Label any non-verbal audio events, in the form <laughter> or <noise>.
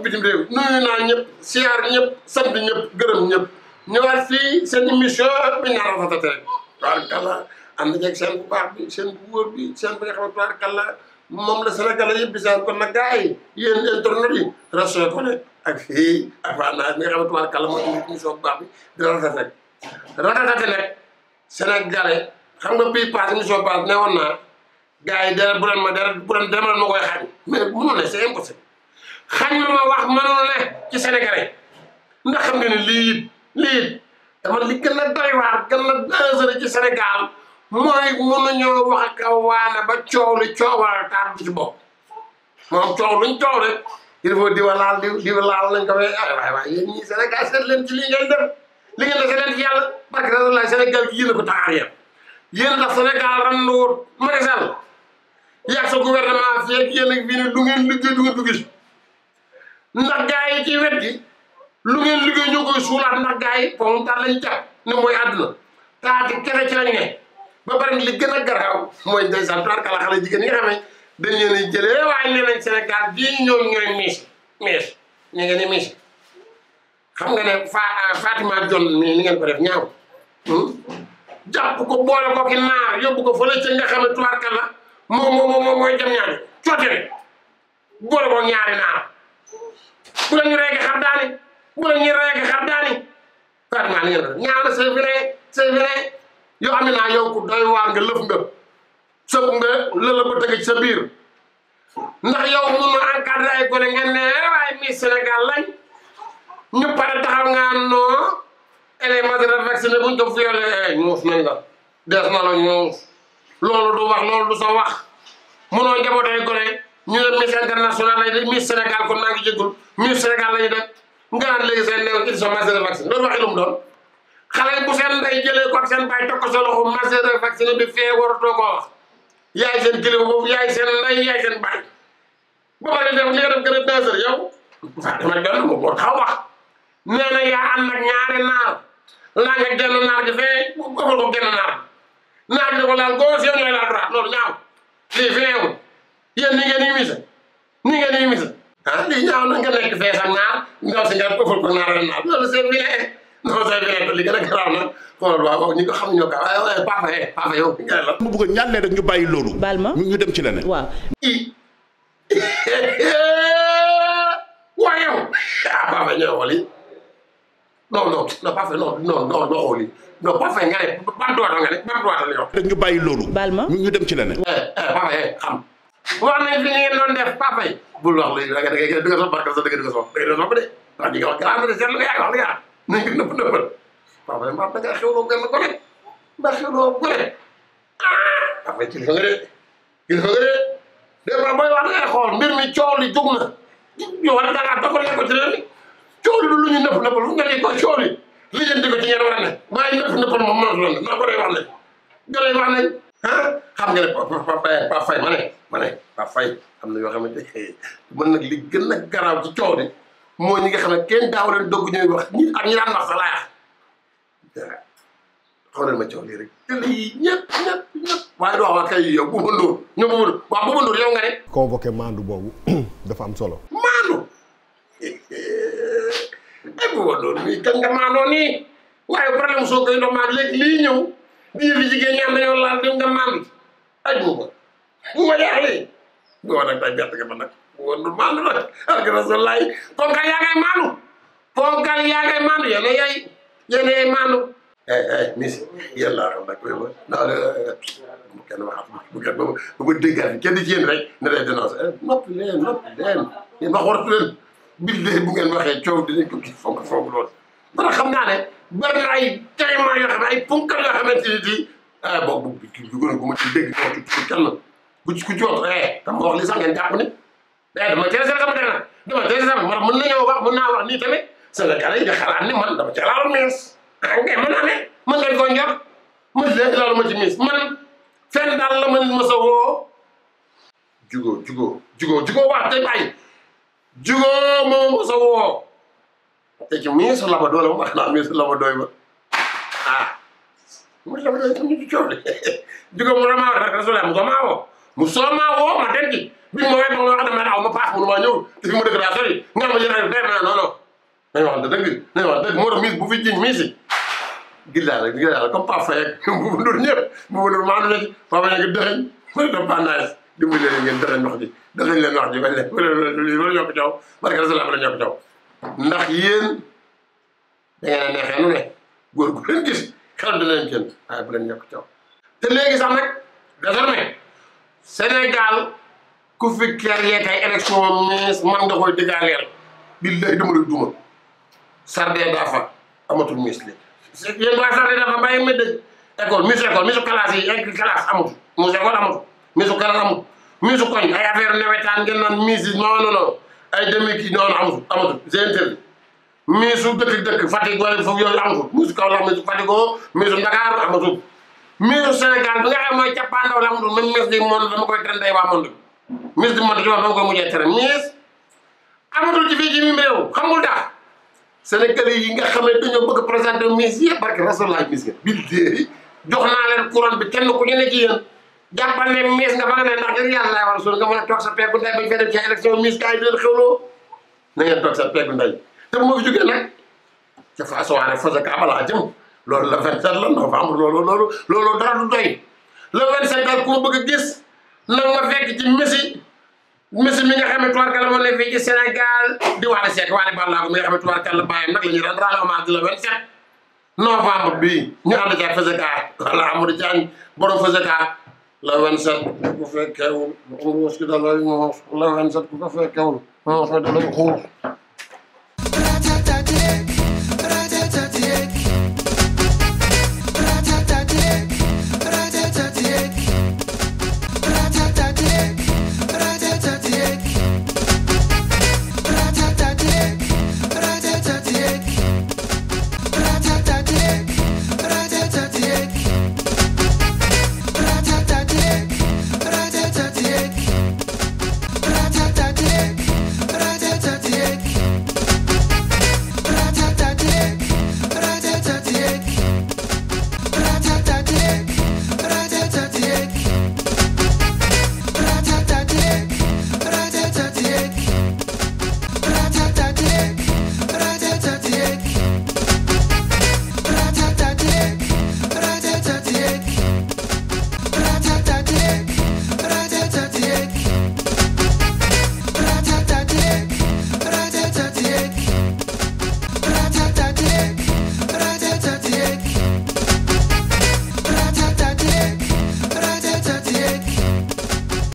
ak bitim réew nuyu naa ñëpp siyaar ñëpp sant ñëpp gërëm ñëpp ñëwaat fii seen émission bi nga rafetate rek tubaarkalla ànd ceeg seen bu baax bi seen bu wóor ne tubaarkalla moom la Sénégal yëpp di seen kon nag gars yi yéen internet yi rassuré ko ne nga bu bi di rafetate rek rafetate nag Sénégalais bu ma dara bu leen ne c'est impossible xañ ma wax mënul ne ci sénégalais ndax xam nga ne lii it lii it dama li gën a doy waar gën a ci Sénégal mooy mënuñoo wax a waane ba coow li coowal taal bi ci bopp moom coow luñ coow rek il faut diwa laal diw diwa laal lañ ko fay ay waay waay leen li ngeen def li ngeen def seet leen ci yàlla barke rasulullah gi a ko taxaar yéen yéen la Sénégal randuwut ne du ngeen liggéey ndax gaa yi ci wet gi lu ngeen liggéey ñoo koy suulaat ndax gaa yi pom tar mooy àdduna taati kene ci lañ ne ba pare li gën a garaaw mooy ndeysaan tarkala xale jigéen ñi nga xam ne dañ leen jëlee waaye nee nañ Sénégal bii ñoom miis miis ñu ngeen miis xam nga ne fa euh, Fatima John mi ni ngeen ko def ñaaw hmm? jàpp ko boole ko ki naar yóbbu ko fële ca nga xam ne tubaarkal la moom moom moom mooy jam ñaari coote boole ko ñaari naar buleen ñu reege xar daani buleen ñu reege xar daani vraiment ni ngeen def ñaana sa fi ne naa yow ku doy waar nga lëf nga sëb ndax yow mun na encadré ay gone ngeen ne waaye mi Sénégal lañ ñu pare taxaw ngaa noo élèves majeurs vacciné buñ ko eh, ñuus na la ñuus loolu du wax loolu du sa wax munoo jaboot ay gone ñu ne Miss international lay def Miss Sénégal kon maa lañu def nga naan léegi seen néew ils sont master vaccin loolu waxi lu mu xale bu seen ndey jëlee ko ak seen baay tokk sa loxo master vaccin bi fee waratoo koo wax yaay seen kilifa boobu yaay seen ndey yaay seen baay ba pare def li nga def gën a danser yow waaw dama doon mo boo taxaw wax nee na yaa ànd ak ñaari naar laa nga genn naar gi fee ëppal ko genn naar naar gi ko laal gauche yow ñooy laal droite loolu ñaaw lii fi yéen ni ngeen di wisa ni ngeen di wisa ah lii ñaaw na nga nekk fee sa naar ñoom si nga ëffal ko naara naar loolu c'est vilain non c'est vilain li gën a garaaw nag xoolal waaw waaw ñi ko xam ñoo ko ah, waaye waaye eh, paafa yee paafa yow nga la mu bëgg ñaan leen rek ñu bàyyi loolu baal ma ñu dem ci leneen waaw i <laughs> waaye yow ah paafa ñoo wali non non non paafa non non non non wali non paafa nga ne ban doota nga ne ban doota la yow rek ñu bàyyi loolu baal ma ñu dem ci leneen eh, eh, paafa yee xam wax nañ fi ngeen doon def papa yi bul wax léegi da nga da nga da nga sopp barka sax da nga da nga sopp da nga sopp de wax ñi nga wax garaam de seetlu nga yaa wax li nga nañ ko nëpp nëppal papa yi mbaam da ngaa xewloo gën ko rek mbaa xewloo ko rek papa yi kilifa nga de kilifa nga de dégg nga booy wax da ngay xool mbir mi coow li jug na yow war na da ngaa dogal ko ci réew mi coow li lu ñu nëpp nëppal fu nga ne ko coow li li jënd ko ci ngeen war a ne waaye nëpp nëppal moom mënatu la ne naa ko lay wax ne gën a wax ne ah xam nga ne papa papa ma ne ma ne fay am na yoo xamante <laughs> man nag li gën a garaaw ci coow de moo ñi nga xam ne kenn daaw leen dogg ñooy wax ñi ak ma coow lii rek tëll ñëpp ñëpp waaye doo wax kay yow bu ma ndóor ñoom bu ma ndóor waaw bu ma ndóor yow <clears throat> dafa am solo maandu ay <laughs> eh, bu ma ndóor nga maandoo nii waaye jigéen ñaan dañoo laal di mu ko bu ma jaaxlee bu woon nag tay bett nga ma nag bu woon du maandu nag ak ah, rasulaay ponkal yaa ngay maandu ponkal yaa ngay maandu yéen a yaay yéen a yaay maandu ay ay misi yéen laa xam nag ma naa la bu kenn waxaat bu kenn ba ba ba déggaat kenn di ci yéen rek ne day dénoncé eh, noppi leen noppi leen yéen wax wartu leen bildee bu ngeen waxee coow dinañ ko gis fonk fonk lool dara xam naa ne bari na ay tayma yoo xam ne ay punkal yoo xamante ni di ah eh, boobu bu gën a gu ma ci dégg wax ci kenn ku ci ku ci wax eh dama wax li sax ngeen jàpp ne eh dama teel a seet sama gànnaar dama teel a seet ma mën naa wax nii tamit Sénégal yi di xalaat ni man dama teelal miis. ah ngay mën naa ne mën ngeen ko njab mën leen loolu ma ci miis man fenn daal la man ma sa woo. jugoo jugoo jugoo jugoo wax te bàyyi jugoo moo ma sa woo te ci miis la ma doole ma wax naa miis la ma doy ma ah. muy la ma doy tam ñu ci coow de <laughs> jugoo mu ramaw rek rasulam ko maawoo. mu soomaa woo ma denc bi ma wee ba nga wax dama ne aw ma paas mënuma ñëw te fi ma dëkk daa sori nga ma yéen a dee ma non non nañu wax dëgg nañu wax dëgg moo tax miis bu fi jiñ miis yi gillaa rek gillaa rek comme Pape Faye ak bu mu dul ñëpp bu mu dul maanu nekk Pape Faye nekk dëxëñ ma ne ko pandaas dimbali leen ngeen dëxëñ wax ji dëxëñ leen wax ji bañ leen loolu ñoo ko caw barke rasalaam la ñoo ko caw ndax yéen da ngeen a neexee nu ne góor gu leen gis xelam dina leen kenn waaye bu leen ñoo ko caw te léegi sax nag désormais Sénégal ku fi créé ay élection mais man nga koy dëggaaleel billahi dama lay duma sarde dafa amatul miis léegi yéen waa sarde dafa bàyyi ma dëj école miis école miisu yi ay classe amatul miisu école amatul miisu classe amatul miisu koñ ay affaire nawetaan ngeen naan miis yi non non non ay demi kii noonu amatul amatul c'est miisu dëkk dëkk Fatick wala foofu yooyu amatul miisu Kaolack miisu Fatick miisu Ndakaar amatul miiru Sénégal bi nga xam mooy cappaandaw la mu dul même miss du monde dama koy tere waa monde bi miss du monde ci wax dama koy mujjee tere miss amatul ci fii ci mi réew xamul daal Sénégalais yi nga xam ne dañoo bëgg présenté miss yëpp barke rasulaay miss nga bildee jox naa leen couronne bi kenn ku ñu ne ci yéen jàppal ne miss nga fa nga ne ndax ngir yàlla laay war suul nga mën a toog sa peegu ndey bañ fay dem ci élection miss kaay bi leen xewloo na ngeen toog sa peegu ndey te bu ma fi jógee nag ca façon rek fasa ka abalaa jëm loolu le 27 la novembre loolu loolu loolu dara du doy le 25 daal ku ma bëgg a gis nag ma fekk ci Messi Messi mi nga xam ne tubaarkàlla moo ne fii ci Sénégal di Wally Seck Wally Ballago mi nga xam ne tubaarkàlla bàyyam nag la ñu rendre hommage le 27 novembre bii ñu ànd ci ak Feseka wala Amadou Diagne borom Feseka le 27 ku fekkewul mu ruus ki dalay moos le 27 ku ko fekkewul moos ma dalay xuus